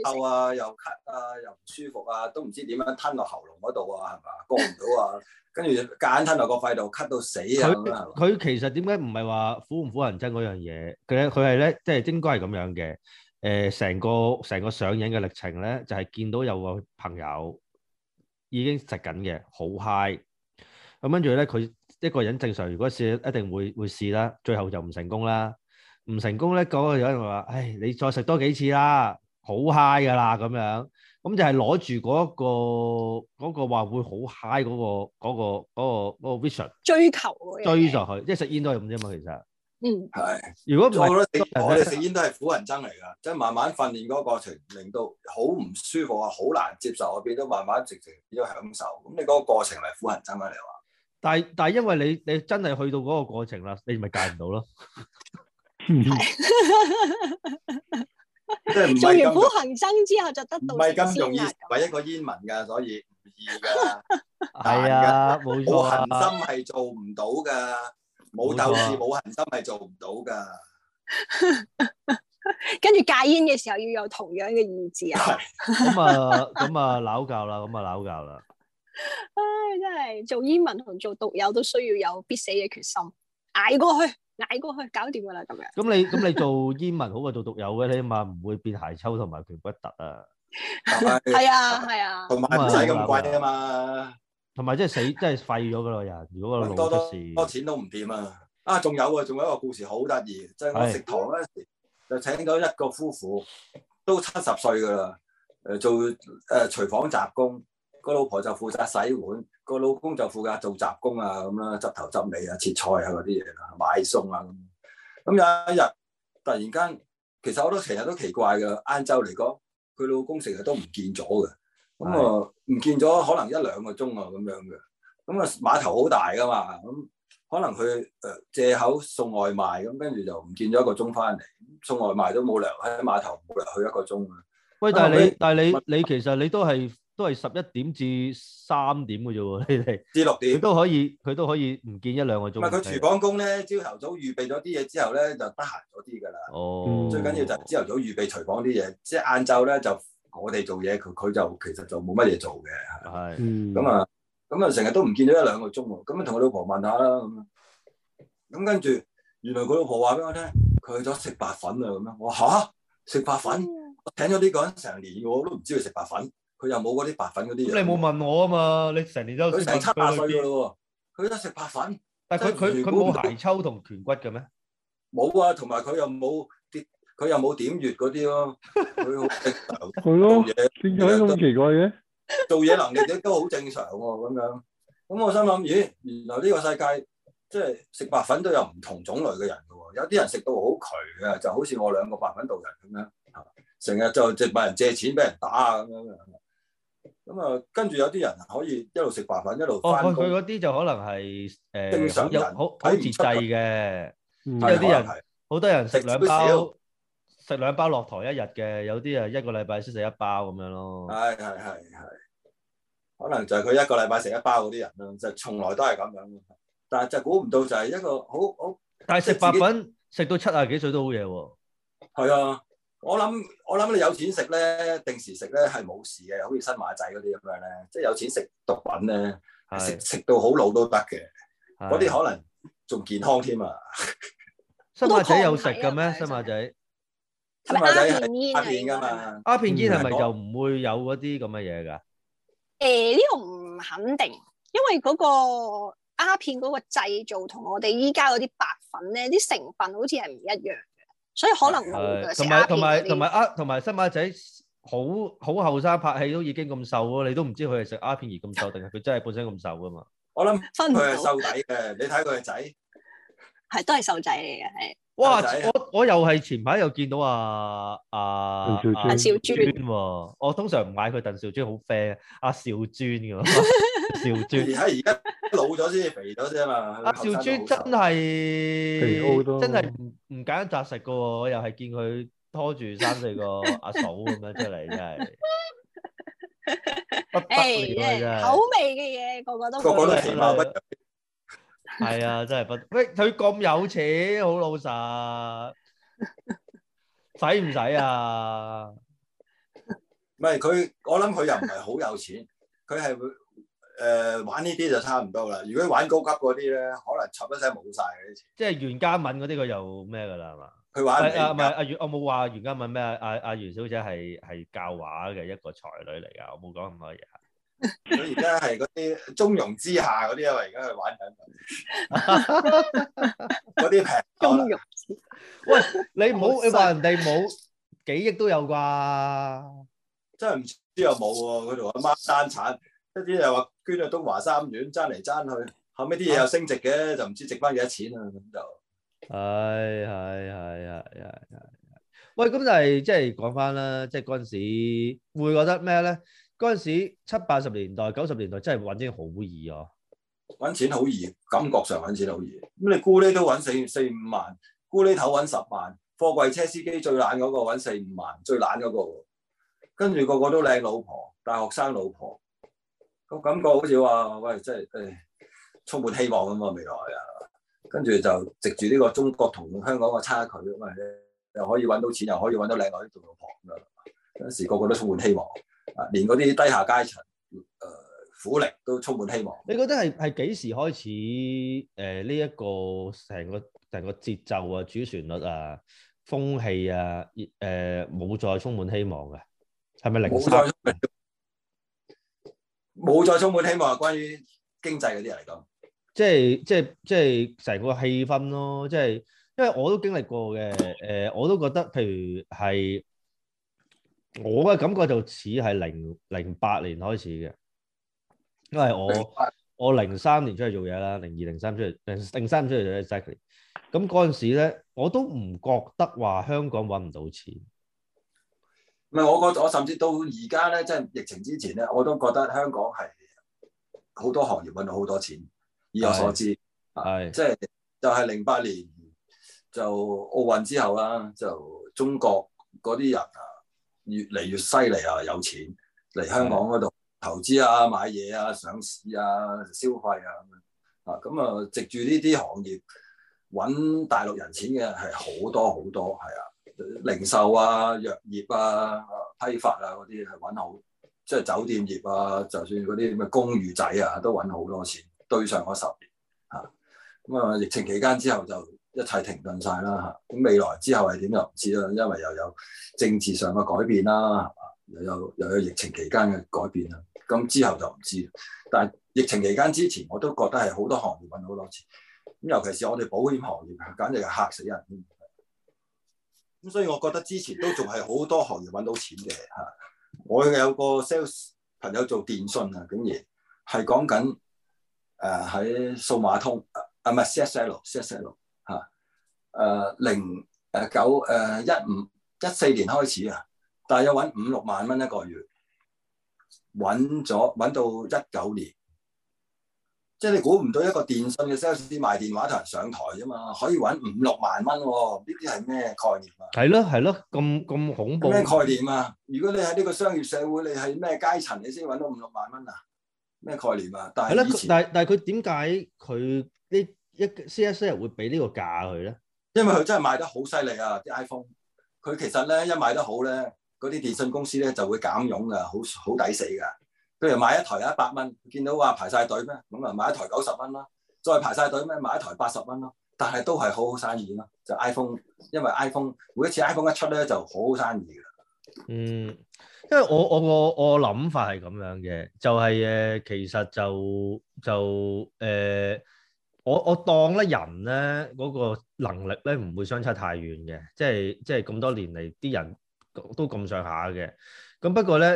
唞啊又咳啊又唔舒服啊， [LAUGHS] 都唔知點樣吞落喉嚨嗰度啊，係嘛？過唔到啊，跟住夾硬吞落個肺度，咳到死啊佢。他吧其實，點解唔係話苦唔苦行僧嗰樣嘢？佢咧佢係咧，即係應該係咁樣嘅。誒，成個成個上癮嘅歷程咧，就係見到有個朋友已經食緊嘅好 high，咁跟住咧佢。一個人正常如果試，一定會會試啦。最後就唔成功啦。唔成功咧，嗰個人話，唉，你再食多幾次啦，好 high 噶啦咁樣。咁就係攞住嗰個嗰個話會好 high 嗰個嗰個嗰個嗰個 vision。追求㗎。追上去，即係食煙都係咁啫嘛，其實。嗯。係。如果唔係，我哋食煙都係苦行僧嚟㗎。即係慢慢訓練嗰個過程，令到好唔舒服啊，好難接受啊，變到慢慢直情變咗享受。咁你嗰個過程係苦行僧咩？你話？但係但係，因為你你真係去到嗰個過程啦，你咪戒唔到咯。即係唔係。做完苦行僧之後就得到。唔係咁容易，為一個煙民噶，所以唔易噶，難噶。冇恆心係做唔到噶，冇鬥志冇恆心係做唔到噶。跟住戒煙嘅時候要有同樣嘅意志啊。咁啊咁啊，攪教啦，咁啊攪教啦。唉、哎，真係做煙民同做毒友都需要有必死嘅決心，捱過去，捱過去，搞掂噶啦咁樣。咁你咁你做煙民好過做毒友嘅你嘛，唔會變鞋抽同埋顴骨突啊。係啊係啊，同埋唔係咁貴啊貴嘛，同埋即係死，真係廢咗個個人。如果老多事多錢都唔掂啊。啊，仲有啊，仲有一個故事好得意，即、就、係、是、我食堂嗰時就請到一個夫婦，都七十歲噶啦，誒做誒廚、呃呃、房雜工。個老婆就負責洗碗，個老公就負責做雜工啊，咁啦，執頭執尾啊，切菜啊嗰啲嘢，買餸啊咁。咁有一日突然間，其實我都成日都奇怪嘅，晏晝嚟講，佢老公成日都唔見咗嘅。咁啊唔見咗，可能一兩個鐘啊咁樣嘅。咁啊碼頭好大噶嘛，咁可能佢誒借口送外賣，咁跟住就唔見咗一個鐘翻嚟。送外賣都冇糧喺碼頭冇糧去一個鐘啊。喂，但係你但係你但你，你其實你都係。都係十一點至三點嘅啫喎，你哋至六點都可以，佢都可以唔見一兩個鐘。佢廚房工咧，朝頭早預備咗啲嘢之後咧，就得閒咗啲噶啦。哦，最緊要就係朝頭早預備廚房啲嘢，即係晏晝咧就我哋做嘢，佢佢就其實就冇乜嘢做嘅。係是的、嗯，咁啊，咁啊成日都唔見咗一兩個鐘，咁啊同佢老婆問下啦咁。咁跟住原來佢老婆話俾我聽，佢去咗食白粉啊咁樣。我話，吓，食白粉？我請咗呢個人成年，我都唔知佢食白粉。佢又冇嗰啲白粉嗰啲嘢，你冇問我啊嘛？你成年都佢成七八歲噶咯喎，佢都食白粉，但佢佢佢冇排抽同拳骨嘅咩？冇啊，同埋佢又冇佢又冇點穴嗰啲咯。佢好直頭， [LAUGHS] 做嘢點解咁奇怪嘅？做嘢能力都好正常喎、啊，咁樣。咁我心諗，咦，原來呢個世界即係食白粉都有唔同種類嘅人噶喎、啊。有啲人食到好攰啊，就好似我兩個白粉道人咁樣，成、啊啊啊啊、日就直白人借錢俾人打啊咁樣。啊咁啊、嗯，跟住有啲人可以一路食白粉一路翻工，佢嗰啲就可能係誒、呃、好有好好節制嘅、嗯，有啲人好多人兩食兩包，食兩包落台一日嘅，有啲啊一個禮拜先食一包咁樣咯。係係係係，可能就係佢一個禮拜食一包嗰啲人咯，就係、從來都係咁樣，但係就估唔到就係一個好好，但係食白粉食到七啊幾歲都好嘢喎。係、嗯、啊。我諗我諗你有錢食咧，定時食咧係冇事嘅，好似新馬仔嗰啲咁樣咧，即係有錢食毒品咧，食食的到好老都得嘅，嗰啲的可能仲健康添啊！新 [LAUGHS] 馬仔有食嘅咩？新馬仔，新馬仔係咪鴉片嚟噶嘛？鴉片煙係咪就唔會有嗰啲咁嘅嘢噶？誒、呃，呢、這個唔肯定，因為嗰個鴉片嗰個製造同我哋依家嗰啲白粉咧，啲成分好似係唔一樣。所以可能會同埋同埋同埋啊同埋新馬仔好好後生拍戲都已經咁瘦喎，你都唔知佢係食鴉片而咁瘦定係佢真係本身咁瘦㗎嘛？我諗分佢係瘦仔嘅，你睇佢係仔，係都係瘦仔嚟嘅係。哇！我我又係前排又見到阿阿阿少尊喎，我通常唔嗌佢，鄧少尊好 friend，阿少尊嘅咯，少尊而家而家老咗先至肥咗啫嘛。阿少尊真係真係唔唔揀擳食嘅喎，我又係見佢拖住三四個阿嫂咁樣出嚟，真係不得了嘅，真係口味嘅嘢，個個都個個都食埋。係啊、 [LAUGHS] 哎，真係不喂，佢、哎、咁有錢，好老實，使唔使啊？唔係佢，我諗佢又唔係好有錢，佢係誒玩呢啲就差唔多啦。如果玩高級嗰啲咧，可能馴一曬冇晒啲錢。即係袁嘉敏嗰啲，佢又咩噶啦？係嘛？佢玩啊啊啊！袁我冇話袁嘉敏咩啊啊！袁小姐係係教畫嘅一個才女嚟噶，我冇講咁多嘢。佢而家係嗰啲中庸之下嗰啲啊，而家佢玩緊，嗰啲平。中庸，哎哎哎哎哎哎，喂，你唔好你話人哋冇幾億都有啩？真係唔知有冇喎，佢同阿媽單產，一啲又話捐去東華三院，爭嚟爭去，後尾啲嘢，又升值嘅，就唔知值翻幾多錢啊！咁就，係係係啊，係係。喂，咁就係即係講翻啦，即係嗰陣時會覺得咩咧？嗰陣時，七八十年代、九十年代真係揾啲好易啊！揾錢好易，感覺上揾錢好易。咁你咕喱都揾四四五萬，咕喱頭揾十萬，貨櫃車司機最懶嗰個揾四五萬，最懶嗰、個喎。跟住個個都靚老婆，大學生老婆，個感覺好似話，喂，真係誒充滿希望啊嘛！未來啊，跟住就藉住呢個中國同香港個差距啊嘛，又可以揾到錢，又可以揾到靚女做老婆咁啊！嗰陣時個個都充滿希望。連嗰啲低下階層，誒、呃，苦力都充滿希望。你覺得係係幾時開始？誒、呃，呢、這、一個成個成個節奏啊，主旋律啊，風氣啊，誒、呃，冇再充滿希望嘅？係咪零三？冇再充滿希望。關於經濟嗰啲嚟講，即係即係即係成個氣氛咯。即、就、係、是，因為我都經歷過嘅。誒、呃，我都覺得，譬如係。我嘅感覺就似係零零八年開始嘅，因為我我零三年出嚟做嘢啦，零二零三出嚟，零零三出嚟做嘢。Exactly，咁嗰陣時咧，我都唔覺得話香港搵唔到錢。唔係我個，我甚至到而家咧，即係疫情之前咧，我都覺得香港係好多行業搵到好多錢。以我所知，係即係就係零八年就奧運之後啦，就中國嗰啲人啊。越嚟越犀利啊！有錢嚟香港嗰度投資啊、買嘢啊、上市啊、消費啊，啊咁啊、嗯，藉住呢啲行業揾大陸人錢嘅係好多好多，係啊，零售啊、藥業啊、批發啊嗰啲係揾好，即係酒店業啊，就算嗰啲咁嘅公寓仔啊，都揾好多錢，對上咗十年嚇。咁啊、嗯，疫情期間之後就～一切停頓晒啦，吓，咁未來之後係點又唔知啦，因為又有政治上嘅改變啦，又有又有疫情期間嘅改變啦，咁之後就唔知。但係疫情期間之前，我都覺得係好多行業搵到好多錢，咁尤其是我哋保險行業，簡直係嚇死人咁。咁所以我覺得之前都仲係好多行業搵到錢嘅吓。 [LAUGHS] 我有個 sales 朋友做電信啊，竟然係講緊誒喺數碼通啊，唔係 CSL，CSL。誒零誒九誒一五一四年開始啊，但係要搵五六萬蚊一個月，搵咗搵到一九年，即係你估唔到一個電信嘅 sales 員賣電話同人上台啫嘛，可以搵五六萬蚊喎，呢啲係咩概念啊？係咯係咯，咁咁恐怖咩概念啊？如果你喺呢個商業社會你你，你係咩階層你先搵到五六萬蚊啊？咩概念啊？係啦， [NOISE] 但係但係佢點解佢呢一 C S C 會俾呢個價佢咧？因為佢真係賣得好犀利啊！啲 iPhone 佢其實咧一賣得好咧，嗰啲電信公司咧就會減佣噶，好好抵死噶。譬如買一台一百蚊，見到話排晒隊咩，咁啊買一台九十蚊啦，再排晒隊咩，買一台八十蚊咯。但係都係好好生意咯。就 iPhone，因為 iPhone 每一次 iPhone 一出咧就好好生意噶。嗯，因為我我個我諗法係咁樣嘅，就係、是、誒，其實就就誒。呃我我當咧人咧嗰個能力咧唔會相差太遠嘅，即係即係咁多年嚟啲人都咁上下嘅。咁不過咧，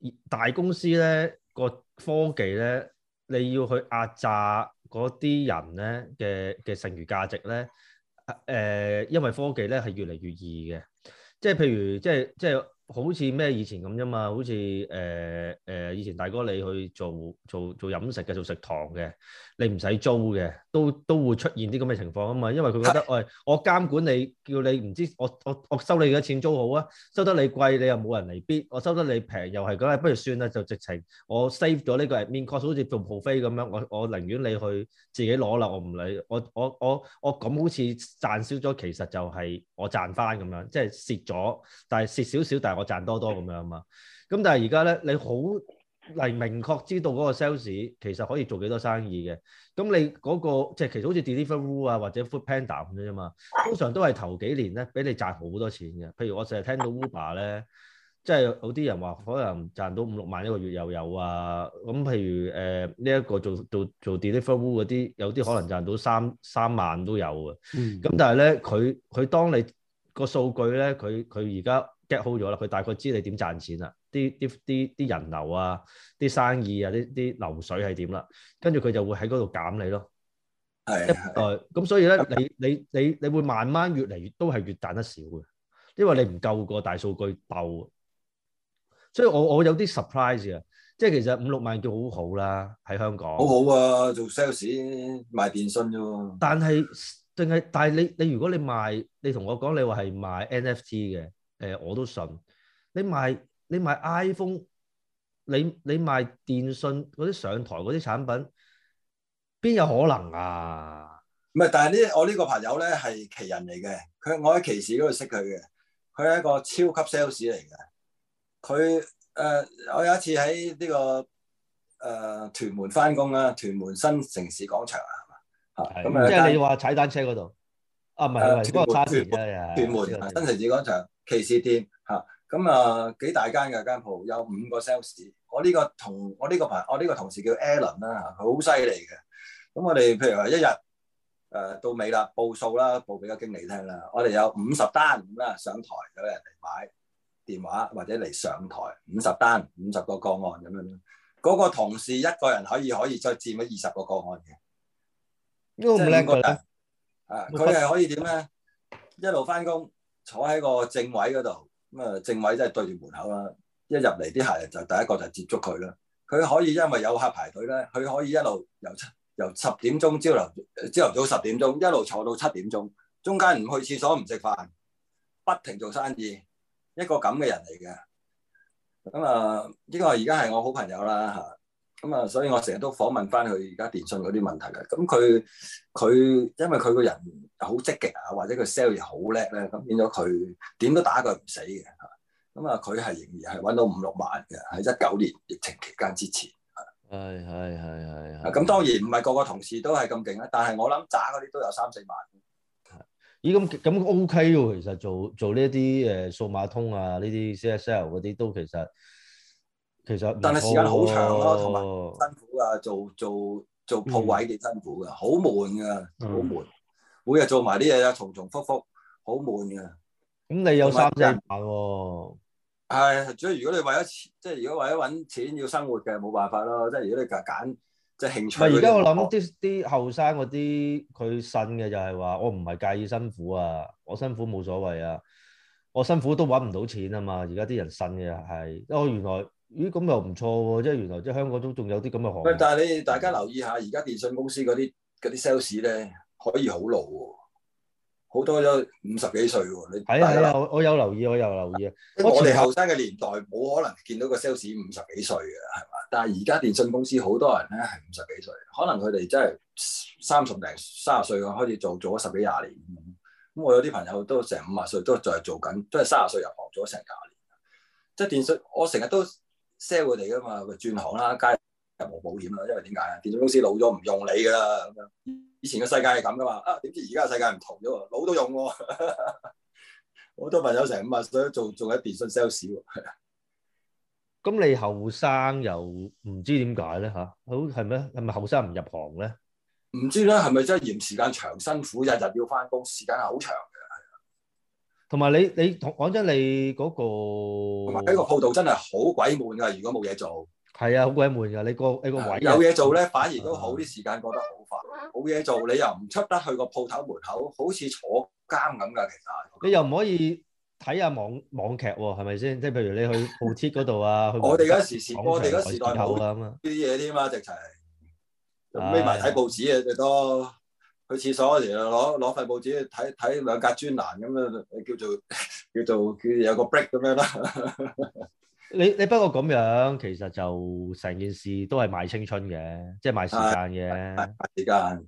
誒大公司咧個科技咧，你要去壓榨嗰啲人咧嘅嘅剩餘價值咧，誒因為科技咧係越嚟越易嘅，即係譬如即係即係。好似咩以前咁啫嘛，好似誒誒以前大哥你去做做做飲食嘅做食堂嘅，你唔使租嘅，都都會出現啲咁嘅情況啊嘛，因為佢覺得，哎，我監管你，叫你唔知我我我收你幾多錢租好啊，收得你貴你又冇人嚟必，我收得你平又係咁，不如算啦，就直情我 save 咗呢個係 admin cost，好似做 buffet 咁樣，我我寧願你去自己攞啦，我唔理，我我我我咁好似賺少咗，其實就係我賺翻咁樣，即係蝕咗，但係蝕少少，但係賺多多咁樣啊嘛，咁、嗯、但係而家咧，你好嚟明確知道嗰個 sales 其實可以做幾多生意嘅，咁你嗰、嗰個即係其實好似 Deliveroo 啊或者 food panda 咁啫嘛，通常都係頭幾年咧俾你賺好多錢嘅。譬如我成日聽到 Uber 咧，即係有啲人話可能賺到五六萬一個月又有啊，咁、嗯、譬如誒呢一個做做做 Deliveroo 嗰啲，有啲可能賺到三三萬都有嘅。咁、嗯嗯、但係咧，佢佢當你個數據咧，佢佢而家。check 好咗啦，佢大概知你點賺錢啦，啲啲啲啲人流啊，啲生意啊，啲啲流水係點啦，跟住佢就會喺嗰度減你咯。係的，誒、嗯，咁所以咧、嗯，你你你你會慢慢越嚟越都係越賺得少嘅，因為你唔夠個大數據鬥。所以我我有啲 surprise 啊，即係其實五六萬叫好好、啊、啦，喺香港。好好啊，做 sales 賣電信啫。但係定係但係你你，你如果你賣，你同我講你話係賣 NFT 嘅。誒我都信，你賣你賣 iPhone，你你賣電信嗰啲上台嗰啲產品，邊有可能啊？唔係，但係呢，我呢個朋友咧係奇人嚟嘅，佢我喺奇士嗰度識佢嘅，佢係一個超級 sales 嚟嘅。佢誒、呃，我有一次喺呢、呢個誒屯門返工啦，屯門新城市廣場係嘛？係，即係你話踩單車嗰度啊？唔係，係嗰個啊，屯門新城市廣場，旗士店吓，咁啊幾大間嘅間鋪，有五個 sales。我呢個同我呢個朋友，我呢個同事叫 Alan 啦吓，佢好犀利嘅。咁我哋譬如話一日誒到尾啦，報數啦，報俾個經理聽啦。我哋有五十單咁啦，上台有人嚟買電話或者嚟上台五十單五十個個案咁樣。嗰個同事一個人可以可以再佔咗二十個個案嘅。呢個唔靚嘅。啊，佢係可以點咧？一路返工。坐喺個正位嗰度，咁啊正位真係對住門口啦。一入嚟啲客人，就第一個就接觸佢啦。佢可以因為有客排隊咧，佢可以一路由七由十點鐘朝頭朝頭早，早十點鐘一路坐到七點鐘，中間唔去廁所唔食飯，不停做生意，一個咁嘅人嚟嘅。咁啊，呢個而家係我好朋友啦嚇。咁啊，所以我成日都訪問翻佢而家電信嗰啲問題啦。咁佢佢因為佢個人，好積極啊，或者佢 sell 嘢好叻咧，咁變咗佢點都打佢唔死嘅嚇。咁啊，佢係仍然係搵到五六萬嘅，喺一九年疫情期間之前。係係係係。咁、啊、當然唔係個個同事都係咁勁啦，但係我諗渣嗰啲都有三四萬。咁咁、欸、OK 喎、啊，其實做做呢一啲誒數碼通啊，呢啲 C S L 嗰啲都其實其實。但係時間好長咯、啊，同埋、哦哦、辛苦噶、啊，做做做鋪位幾辛苦噶、啊，好、嗯、悶噶，好悶。每日做埋啲嘢啊，重重複複，好悶㗎。咁、嗯、你有三隻人喎？係、哦哎，主要如果你為咗即係如果為咗搵錢要生活嘅，冇辦法咯。即係如果你就揀即係興趣。而家現在 我諗啲啲後生嗰啲，佢信嘅就係話，我唔係介意辛苦啊，我辛苦冇所謂啊，我辛苦都搵唔到錢啊嘛。而家啲人信嘅係，哦原來咦咁又唔錯喎，即係原來即係香港都仲有啲咁嘅行。但係你大家留意下，而家電信公司嗰啲嗰啲 sales 咧。可以好老喎，好多都五十幾歲喎。你係啊，我有留意，我又留意。我哋後生嘅年代冇前可能見到個 sales 五十幾歲嘅，係嘛？但係而家電信公司好多人咧係五十幾歲，可能佢哋真係三十定三十歲開始做，做咗十幾廿年。咁我有啲朋友都成五十歲都就係做緊，都係三十歲入行咗成廿年。即係電信，我成日都 sell 佢哋噶嘛，轉行啦，冇保險啦，因為點解啊？電信公司老咗唔用你噶啦，咁樣以前嘅世界係咁噶嘛。啊，點知而家嘅世界唔同咗，老都用喎。 [LAUGHS] 我都朋友成五廿歲做做緊電信 sales [LAUGHS] 咁你後生又唔知點解咧？嚇，好係咪咧？係咪後生唔入行咧？唔知咧，係咪真係嫌時間長、辛苦，日日要翻工，時間係好長嘅，係同埋你你講講真，你嗰、同埋呢個鋪道真係好鬼悶㗎。如果冇嘢做。係啊，好鬼悶噶！你個你、你個位、啊、有嘢做咧，反而都好啲，啊、時間過得呵呵好快。冇嘢做，你又唔出得去個鋪頭門口，好似坐監咁噶。其實你又唔可以睇下網網劇喎，啊，係咪先？即係譬如你去報紙嗰度啊，我哋嗰時我哋嗰時代冇啊嘛啲嘢添嘛，直情匿埋睇報紙啊，最多。去廁所嗰時攞攞份報紙睇睇兩格專欄咁啊，叫做叫做叫有個 break 咁樣啦。 [LAUGHS] [LAUGHS] 你你不過咁樣，其實就成件事都係賣青春嘅，即係賣時間嘅。賣時間，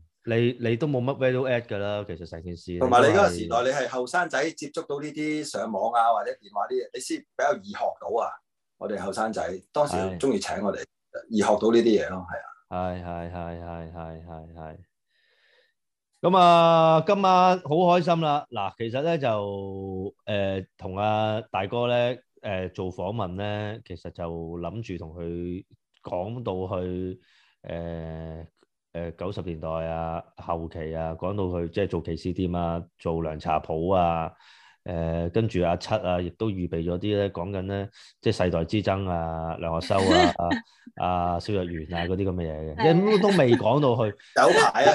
你你都冇乜 value add 㗎啦。其實成件事同埋你嗰個時代，你係後生仔接觸到呢啲上網啊或者電話啲嘢，你先比較易學到啊。我哋後生仔當時鍾意請我哋易學到呢啲嘢咯，係啊，係係係係係係。咁啊，今晚好開心啦！嗱，其實咧就誒同阿大哥咧。誒、呃、做訪問咧，其實就諗住同佢講到去誒誒九十年代啊後期啊，講到去即係做騎士店啊，做涼茶鋪啊，誒跟住阿七啊，亦都預備咗啲咧講緊咧，即係世代之爭啊，梁學修啊，阿蕭、 [LAUGHS] 啊、若元啊嗰啲咁嘅嘢嘅，咁都未講到去有排 [LAUGHS] 啊！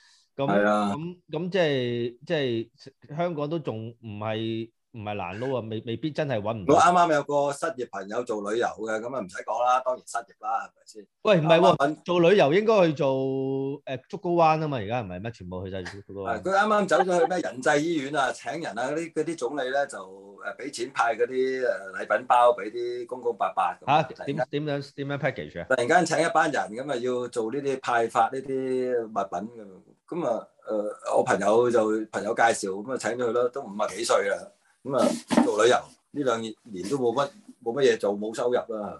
咁係啊！咁咁、嗯嗯嗯嗯嗯、即係即係香港都仲唔係唔係難撈啊？未未必真係揾唔到。我啱啱有個失業朋友做旅遊嘅，咁啊唔使講啦，當然失業啦，係咪先？喂，唔係喎，嗯、做旅遊應該去做誒竹篙灣啊嘛，而家唔係乜全部去晒竹篙灣。佢啱啱走咗去咩仁濟醫院啊？請人啊！嗰啲嗰啲總理咧就誒俾錢派嗰啲誒禮品包俾啲公公伯伯咁。嚇？點點樣點樣 package 啊？突然間請一班人咁啊，要做呢啲派發呢啲物品咁。咁啊，誒、呃，我朋友就朋友介紹，咁啊請咗佢啦，都五啊幾歲啦，咁啊做旅遊，呢兩年都冇乜冇乜嘢做，冇收入啦、啊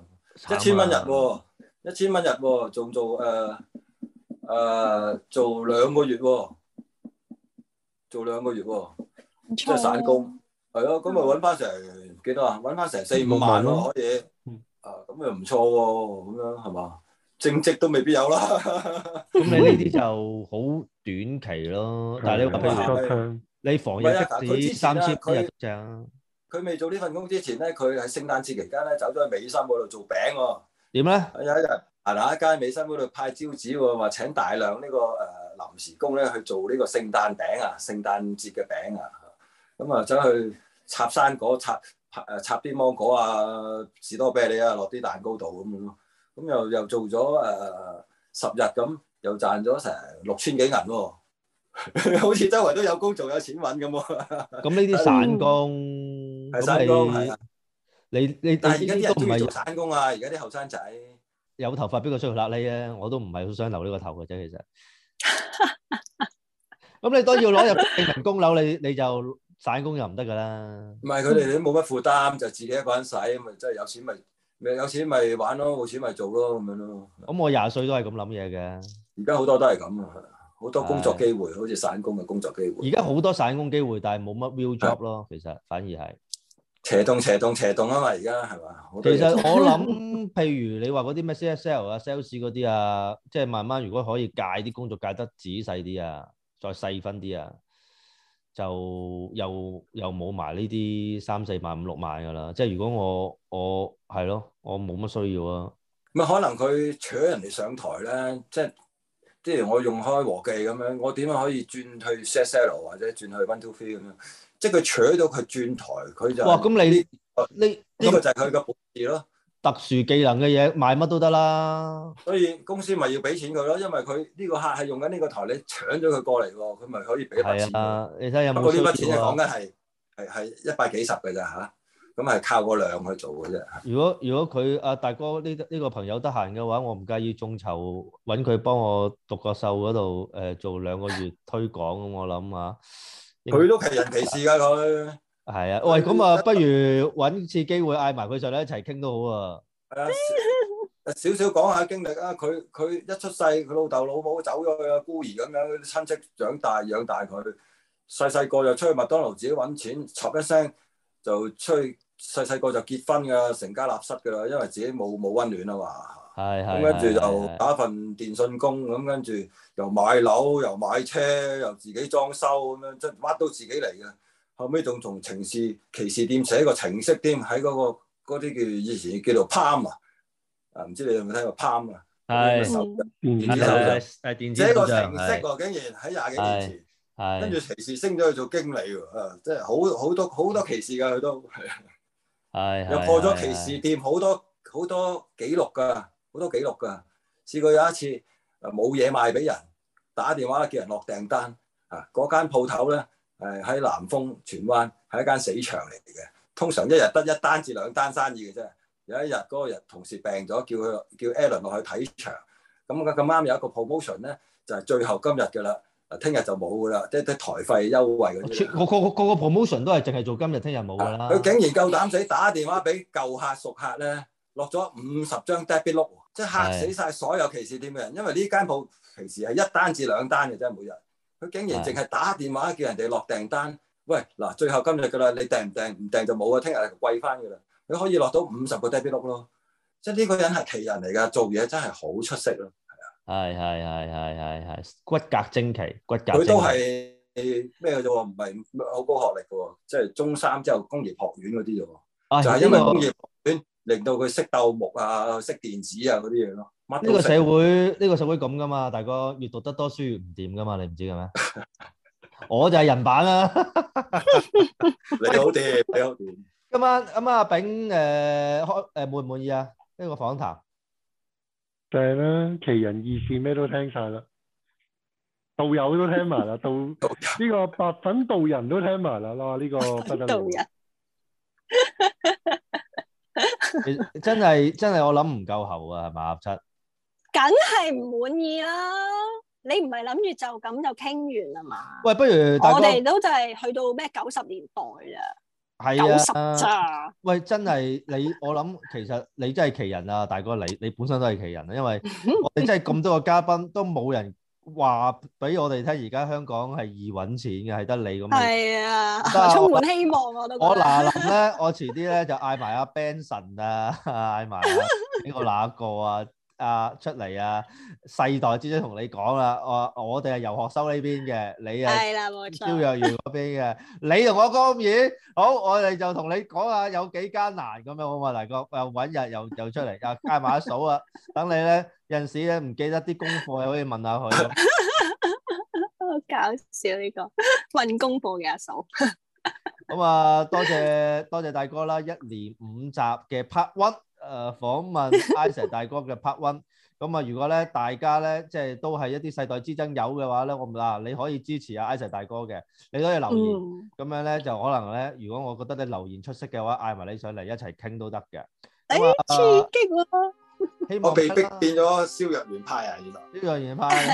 哦，一千蚊日喎、哦，一千蚊日喎，仲、呃啊、做誒誒做兩個月喎、哦，做兩個月喎、哦，即係、啊、散工，係咯、嗯，咁咪揾翻成幾多啊？揾翻成、成四五、五萬咯，可以，啊，咁又唔錯喎，咁樣係嘛？正職都未必有啦，咁 [LAUGHS] 你呢啲就好短期咯。 [LAUGHS] 但係你話，譬如 [LAUGHS] 你防疫的士，三折都一樣。佢未做呢份工之前咧，佢喺聖誕節期間咧，走咗去美心嗰度做餅喎、啊。點咧？有一日行喺街，美心嗰度派招紙喎，話請大量呢、這個誒、呃、臨時工咧去做呢個聖誕餅啊，聖誕節嘅餅啊。咁、嗯、啊，走去插生果、插誒插啲芒果啊、士多啤梨啊，落啲蛋糕度咁樣咯。咁又又做咗誒十日咁，又賺咗成六千幾銀喎，好似周圍都有工做、有錢揾咁喎。咁呢啲散工，咁你你你，但係依家都唔係散工啊！而家啲後生仔有頭髮邊個出去拉你啊？我都唔係好想留呢個頭嘅啫，其實。咁你都要攞入人工供樓，你你就散工又唔得噶啦。唔係佢哋都冇乜負擔，就自己一個人使，咁咪真係有錢咪。咪有錢咪玩咯，冇錢咪做咯，咁樣咯。咁、嗯、我廿歲都係咁諗嘢嘅。而家好多都係咁啊，好多工作機會，的好似散工嘅工作機會。而家好多散工機會，但係冇乜 real job 咯的，其實反而係斜動斜動斜動，動啊嘛！而家係嘛？其實我諗， [LAUGHS] 譬如你話嗰啲咩 CSL 啊、sales 嗰啲啊，即係慢慢如果可以界啲工作界得仔細啲啊，再細分啲啊。就又又冇埋呢啲三四萬五六萬㗎啦，即係如果我我係咯，我冇乜需要啊。咪可能佢扯人哋上台咧，即係即係我用開和記咁樣，我點樣可以轉去 CSL 或者轉去 one2free 咁樣？即係佢扯到佢轉台，佢就哇咁你呢呢個就係佢嘅本事咯。特殊技能嘅嘢賣乜都得啦，所以公司咪要俾錢佢咯，因為佢呢、這個客係用緊呢個台，你搶咗佢過嚟喎，佢咪可以俾下錢。係啦、啊，你睇有冇？不過呢筆錢講緊係係係一百幾十嘅咋吓，咁、啊、係靠個量去做嘅啫。如果如果佢阿大哥呢呢、這個這個朋友得閒嘅話，我唔介意眾籌搵佢幫我獨角播嗰度誒做兩個月推廣，咁 [LAUGHS] 我諗下，佢都奇人奇事噶佢。係啊，喂，咁啊，不如揾次機會嗌埋佢上嚟一齊傾都好啊。係啊，少少講下經歷啊。佢佢一出世，佢老豆老母走咗去啊，孤兒咁樣，親戚長大養大佢。細細個就出去麥當勞自己搵錢，插一聲就出去。細細個就結婚噶，成家立室噶啦，因為自己冇冇溫暖啊嘛。係係係。咁跟住就打份電信工，咁跟住又買樓，又買車，又自己裝修咁樣，即係乜都自己嚟嘅。後尾仲從情事歧士店寫個程式添，喺嗰、嗰個嗰啲叫以前叫做 Palm 啊，啊唔知你有冇睇過 Palm 啊是？係電子手錶，係呢個是是程式喎，是竟然喺廿幾年前，跟住騎士升咗去做經理喎，啊，即係好好多好多騎士㗎，佢都係啊，係又破咗歧士店好多好多，多，多紀錄㗎，好多紀錄㗎。試過有一次啊，冇嘢賣俾人，打人，家人家，打電話叫人落訂單啊，嗰間鋪頭咧。啊啊啊誒喺南豐荃灣係一間死場嚟嘅，通常一日得一單至兩單生意嘅啫。有一日嗰、嗰個日同事病咗，叫佢叫 Alan 落去睇場，咁咁咁啱有一個 promotion 咧，就係、是、最後今日嘅啦，嗱聽日就冇噶啦，即係啲台費優惠嗰啲。我，我個個個 promotion 都係淨係做今日，聽日冇噶啦。佢竟然夠膽死打電話俾舊客熟客咧，落咗五十張 debit 碌，即係嚇死晒所有歧士店嘅人，的因為呢間鋪旗士係一單至兩單嘅啫，每日。佢竟然淨係打電話叫人哋落訂單，喂嗱，最後今日㗎啦，你訂唔訂？唔訂就冇啊！聽日貴翻㗎啦，你可以落到五十個低 B 碌咯。即係呢個人係奇人嚟㗎，做嘢真係好出色咯。係啊，係係係係係係，骨骼精奇，骨骼精奇。佢都係咩啫喎？唔係好高學歷㗎喎，即係中三之後工業學院嗰啲啫喎，哎、就係因為工業學院令到佢識鬥木啊、識電子啊嗰啲嘢咯。呢個社會呢個社會咁噶嘛，大哥越讀得多書越唔掂噶嘛，你唔知嘅咩？我就係人版啦，你好掂，你好掂。今晚咁阿炳誒開誒滿唔滿意啊？呢個訪談就係啦，奇人異事咩都聽晒啦，道友都聽埋啦，道呢個白粉道人都聽埋啦啦，呢個不得了。哈哈哈哈哈！真係真係，我諗唔夠喉啊，係咪啊七？梗係唔滿意啦！你唔係諗住就咁就傾完啊嘛？喂，不如我哋都就係去到咩九十年代啦，係啊，十啫，喂，真係你我諗，其實你真係奇人啊，大哥，你你本身都係奇人啊，因為我哋真係咁多個嘉賓都冇人話俾我哋聽，而家香港係易搵錢嘅，係得你咁，係啊，充滿希望我都覺得。我嗱咧，我遲啲咧就嗌埋阿 Benson 啊，嗌埋呢個哪一個啊？啊出嚟啊！世代之輩同你講啦，我我哋係遊學修呢邊嘅，你係蕭若元嗰邊嘅，你同我講嘢。好，我哋就同你講下有幾艱難咁樣好嘛，大哥。又揾日又又出嚟啊，加埋阿嫂啊，等你咧，有陣時咧唔記得啲功課，可以問下佢。好搞笑呢個問功課嘅阿嫂。咁啊，多謝多謝大哥啦！一年五集嘅 part one。誒訪問 Isaac 大哥嘅 Part One，咁啊，如果咧大家咧即係都係一啲世代之爭友嘅話咧，我唔嗱你可以支持啊 Isaac 大哥嘅，你可以留言，咁樣咧就可能咧，如果我覺得你留言出色嘅話，嗌埋你上嚟一齊傾都得嘅。好刺激喎！我被逼變咗蕭若元派啊！原來蕭若元派、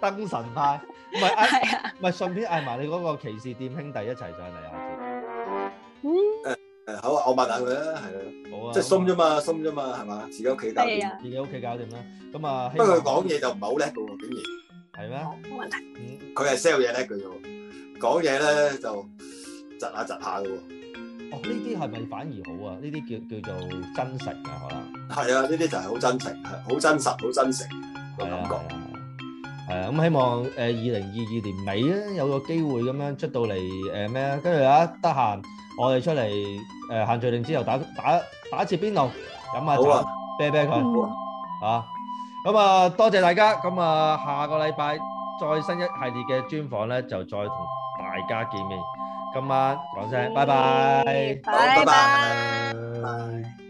燈神派，唔係，唔係順便嗌埋你嗰個歧視店兄弟一齊上嚟啊！嗯。誒、嗯，好，我問下佢啦，係啊，好啊，即係鬆啫嘛，鬆啫、啊、嘛，係嘛，自己屋企搞掂， 自己屋企搞掂啦。咁、嗯、啊，希望講不過佢講嘢就唔係好叻嘅，竟然係咩嗎？冇問題，佢係 sell 嘢叻，佢就講嘢咧就窒下窒下嘅喎。哦，呢啲係咪反而好啊？呢啲叫叫做真實啊，可能係啊，呢啲就係好真誠，好真實，好真誠嘅感覺。係啊，咁、啊啊啊、希望誒，二零二二年尾咧有個機會咁樣出到嚟誒咩啊？跟住啊，得閒。我哋出嚟，誒限聚令之後打打打一次邊爐，飲下茶，啤啤佢，啊！咁啊，多謝大家，咁啊，下個禮拜再新一系列嘅專訪呢，就再同大家見面。今晚講聲拜拜，拜拜。